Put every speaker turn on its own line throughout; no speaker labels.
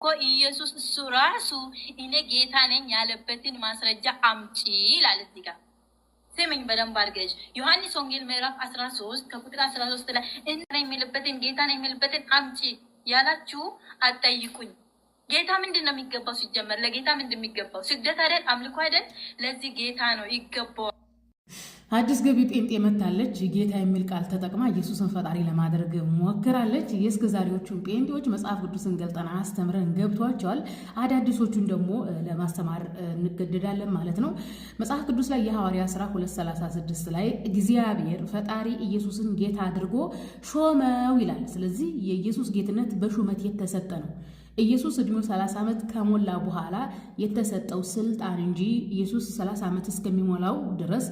እኮ ኢየሱስ እሱ ራሱ እኔ ጌታ ነኝ ያለበትን ማስረጃ አምጪ ይላል። እዚህ ጋር ስምኝ በደንብ አድርገሽ ዮሐንስ ወንጌል ምዕራፍ አስራ ሶስት ከቁጥር አስራ ሶስት ላይ እንትን የሚልበትን ጌታን የሚልበትን አምጪ ያላችሁ አጠይቁኝ። ጌታ ምንድን ነው የሚገባው? ሲጀመር ለጌታ ምንድን የሚገባው? ስግደት አይደል? አምልኮ አይደል? ለዚህ ጌታ ነው ይገባዋል።
አዲስ ገቢ ጴንጤ መታለች። ጌታ የሚል ቃል ተጠቅማ ኢየሱስን ፈጣሪ ለማድረግ ሞክራለች። የእስከ ዛሬዎቹን ጴንጤዎች መጽሐፍ ቅዱስን ገልጠን አስተምረን ገብቷቸዋል። አዳዲሶቹን ደግሞ ለማስተማር እንገደዳለን ማለት ነው። መጽሐፍ ቅዱስ ላይ የሐዋርያ ሥራ 2፡36 ላይ እግዚአብሔር ፈጣሪ ኢየሱስን ጌታ አድርጎ ሾመው ይላል። ስለዚህ የኢየሱስ ጌትነት በሹመት የተሰጠ ነው። ኢየሱስ እድሜው 30 ዓመት ከሞላ በኋላ የተሰጠው ስልጣን እንጂ ኢየሱስ 30 ዓመት እስከሚሞላው ድረስ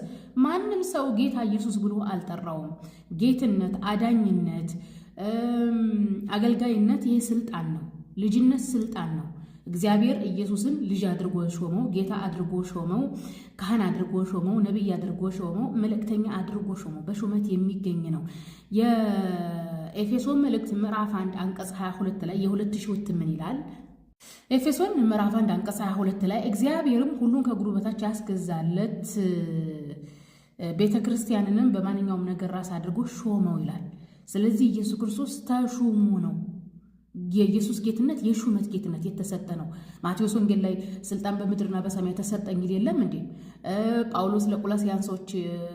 ማንም ሰው ጌታ ኢየሱስ ብሎ አልጠራውም። ጌትነት፣ አዳኝነት፣ አገልጋይነት ይህ ስልጣን ነው። ልጅነት ስልጣን ነው። እግዚአብሔር ኢየሱስን ልጅ አድርጎ ሾመው፣ ጌታ አድርጎ ሾመው፣ ካህን አድርጎ ሾመው፣ ነቢይ አድርጎ ሾመው፣ መልእክተኛ አድርጎ ሾመው። በሹመት የሚገኝ ነው። የኤፌሶን መልእክት ምዕራፍ 1 አንቀጽ 22 ላይ የሁለት ሺዎች ምን ይላል? ኤፌሶን ምዕራፍ 1 አንቀጽ 22 ላይ እግዚአብሔርም ሁሉን ከእግሩ በታች ያስገዛለት ቤተ ክርስቲያንንም በማንኛውም ነገር ራስ አድርጎ ሾመው ይላል። ስለዚህ ኢየሱስ ክርስቶስ ተሹሙ ነው። የኢየሱስ ጌትነት የሹመት ጌትነት የተሰጠ ነው። ማቴዎስ ወንጌል ላይ ስልጣን በምድርና በሰማይ ተሰጠ እንግዲህ የለም እንዴ? ጳውሎስ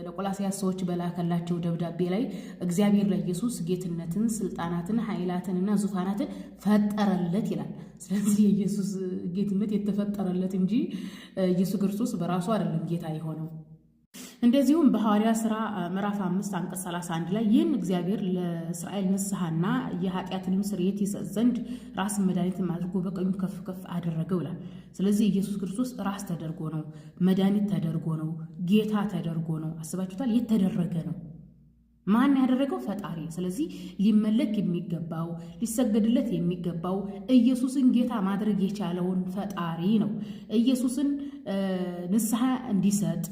ለቆላስያስ ሰዎች በላከላቸው ደብዳቤ ላይ እግዚአብሔር ለኢየሱስ ጌትነትን፣ ስልጣናትን፣ ኃይላትንና ዙፋናትን ፈጠረለት ይላል። ስለዚህ የኢየሱስ ጌትነት የተፈጠረለት እንጂ ኢየሱስ ክርስቶስ በራሱ አይደለም ጌታ የሆነው። እንደዚሁም በሐዋርያ ሥራ ምዕራፍ አምስት አንቀጽ 31 ላይ ይህን እግዚአብሔር ለእስራኤል ንስሐና የኃጢአትንም ስርየት ይሰጥ ዘንድ ራስን መድኃኒትም አድርጎ በቀኙ ከፍ ከፍ አደረገው ይላል። ስለዚህ ኢየሱስ ክርስቶስ ራስ ተደርጎ ነው፣ መድኃኒት ተደርጎ ነው፣ ጌታ ተደርጎ ነው። አስባችሁታል? የተደረገ ነው። ማን ያደረገው? ፈጣሪ። ስለዚህ ሊመለክ የሚገባው ሊሰገድለት የሚገባው ኢየሱስን ጌታ ማድረግ የቻለውን ፈጣሪ ነው። ኢየሱስን ንስሐ እንዲሰጥ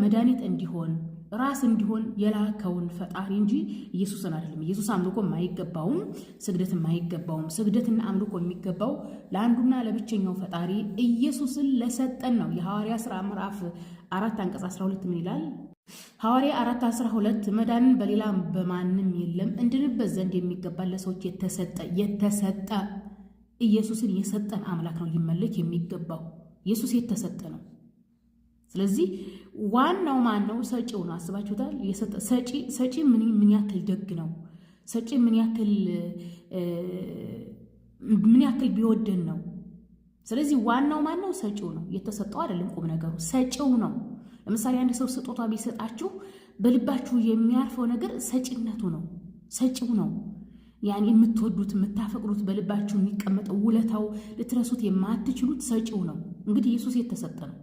መድኃኒት እንዲሆን ራስ እንዲሆን የላከውን ፈጣሪ እንጂ ኢየሱስን አይደለም። ኢየሱስ አምልኮ የማይገባውም ስግደት የማይገባውም ስግደትና አምልኮ የሚገባው ለአንዱና ለብቸኛው ፈጣሪ ኢየሱስን ለሰጠን ነው። የሐዋርያ ሥራ ምዕራፍ አራት አንቀጽ 12 ምን ይላል? ሐዋርያ 4 12 መዳንን በሌላ በማንም የለም እንድንበት ዘንድ የሚገባን ለሰዎች የተሰጠ የተሰጠ ኢየሱስን የሰጠን አምላክ ነው ሊመለክ የሚገባው ኢየሱስ የተሰጠ ነው። ስለዚህ ዋናው ማን ነው? ሰጪው ነው። አስባችሁታል? ሰጪ ምን ያክል ደግ ነው? ሰጪ ምን ያክል ምን ያክል ቢወደን ነው? ስለዚህ ዋናው ማን ነው? ሰጪው ነው። የተሰጠው አይደለም ቁም ነገሩ፣ ሰጪው ነው። ለምሳሌ አንድ ሰው ስጦታ ቢሰጣችሁ በልባችሁ የሚያርፈው ነገር ሰጪነቱ ነው፣ ሰጪው ነው። ያን የምትወዱት የምታፈቅሩት በልባችሁ የሚቀመጠው ውለታው ልትረሱት የማትችሉት ሰጪው ነው። እንግዲህ ኢየሱስ የተሰጠ ነው።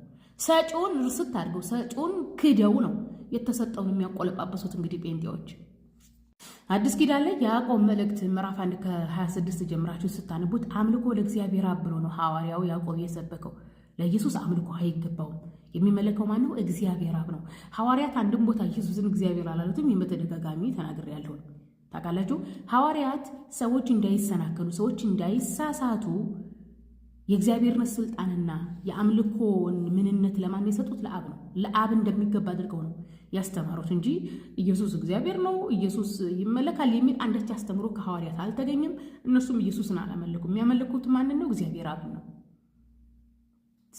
ሰጪውን ርስት አድርገው ሰጪውን ክደው ነው የተሰጠውን የሚያቆለጳበሱት። እንግዲህ ጴንጤዎች አዲስ ኪዳን ላይ የያዕቆብ መልእክት ምዕራፍ አንድ ከ26 ጀምራችሁ ስታነቡት አምልኮ ለእግዚአብሔር አብ ብሎ ነው ሐዋርያው ያዕቆብ የሰበከው። ለኢየሱስ አምልኮ አይገባውም። የሚመለከው ማነው? እግዚአብሔር አብ ነው። ሐዋርያት አንድም ቦታ ኢየሱስን እግዚአብሔር አላሉትም። የመተደጋጋሚ ተናግሬ ያለውን ታውቃላችሁ። ሐዋርያት ሰዎች እንዳይሰናከሉ፣ ሰዎች እንዳይሳሳቱ የእግዚአብሔርን ስልጣንና የአምልኮን ምንነት ለማን የሰጡት? ለአብ ነው። ለአብ እንደሚገባ አድርገው ነው ያስተማሩት እንጂ ኢየሱስ እግዚአብሔር ነው፣ ኢየሱስ ይመለካል የሚል አንዳች አስተምሮ ከሐዋርያት አልተገኘም። እነሱም ኢየሱስን አላመለኩም። የሚያመለኩት ማንን ነው? እግዚአብሔር አብ ነው።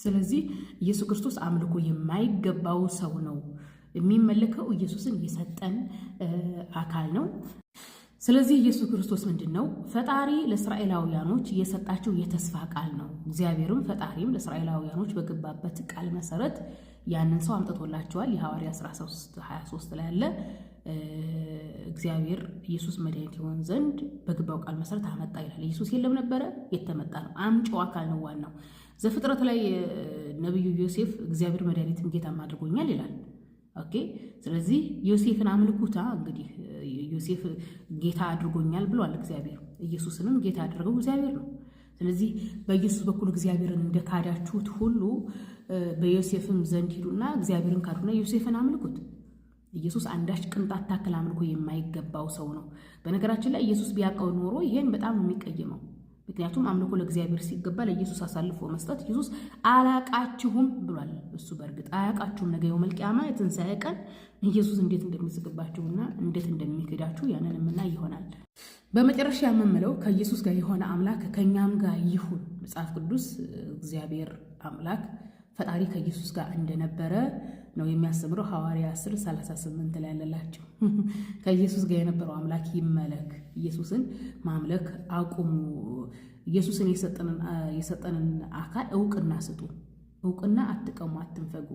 ስለዚህ ኢየሱስ ክርስቶስ አምልኮ የማይገባው ሰው ነው። የሚመለከው ኢየሱስን የሰጠን አካል ነው። ስለዚህ ኢየሱስ ክርስቶስ ምንድን ነው ፈጣሪ ለእስራኤላውያኖች እየሰጣቸው የተስፋ ቃል ነው። እግዚአብሔርም ፈጣሪም ለእስራኤላውያኖች በገባበት ቃል መሰረት ያንን ሰው አምጥቶላቸዋል። የሐዋርያ 23 ላይ ያለ እግዚአብሔር ኢየሱስ መድኃኒት ይሆን ዘንድ በግባው ቃል መሰረት አመጣ ይላል። ኢየሱስ የለም ነበረ፣ የተመጣ ነው። አምጪው አካል ነው ዋናው። ዘፍጥረት ላይ ነቢዩ ዮሴፍ እግዚአብሔር መድኃኒትን ጌታም አድርጎኛል ይላል። ኦኬ። ስለዚህ ዮሴፍን አምልኩታ። እንግዲህ ዮሴፍ ጌታ አድርጎኛል ብሏል እግዚአብሔር። ኢየሱስንም ጌታ ያደረገው እግዚአብሔር ነው። ስለዚህ በኢየሱስ በኩል እግዚአብሔርን እንደካዳችሁት ሁሉ በዮሴፍም ዘንድ ሂዱና እግዚአብሔርን ካዱና ዮሴፍን አምልኩት። ኢየሱስ አንዳች ቅንጣት ታክል አምልኮ የማይገባው ሰው ነው። በነገራችን ላይ ኢየሱስ ቢያውቀው ኖሮ ይሄን በጣም የሚቀይመው ምክንያቱም አምልኮ ለእግዚአብሔር ሲገባ ለኢየሱስ አሳልፎ መስጠት ኢየሱስ አላቃችሁም ብሏል። እሱ በእርግጥ አያቃችሁም፣ ነገ የው መልቅያማ የትንሣኤ ቀን ኢየሱስ እንዴት እንደሚዝግባችሁና እንዴት እንደሚክዳችሁ ያንን ምና ይሆናል። በመጨረሻ የምምለው ከኢየሱስ ጋር የሆነ አምላክ ከእኛም ጋር ይሁን። መጽሐፍ ቅዱስ እግዚአብሔር አምላክ ፈጣሪ ከኢየሱስ ጋር እንደነበረ ነው የሚያስተምረው ሐዋርያ 10 38 ላይ ያለላቸው ከኢየሱስ ጋር የነበረው አምላክ ይመለክ። ኢየሱስን ማምለክ አቁሙ። ኢየሱስን የሰጠንን አካል እውቅና ስጡ። እውቅና አትቀሙ፣ አትንፈጉ።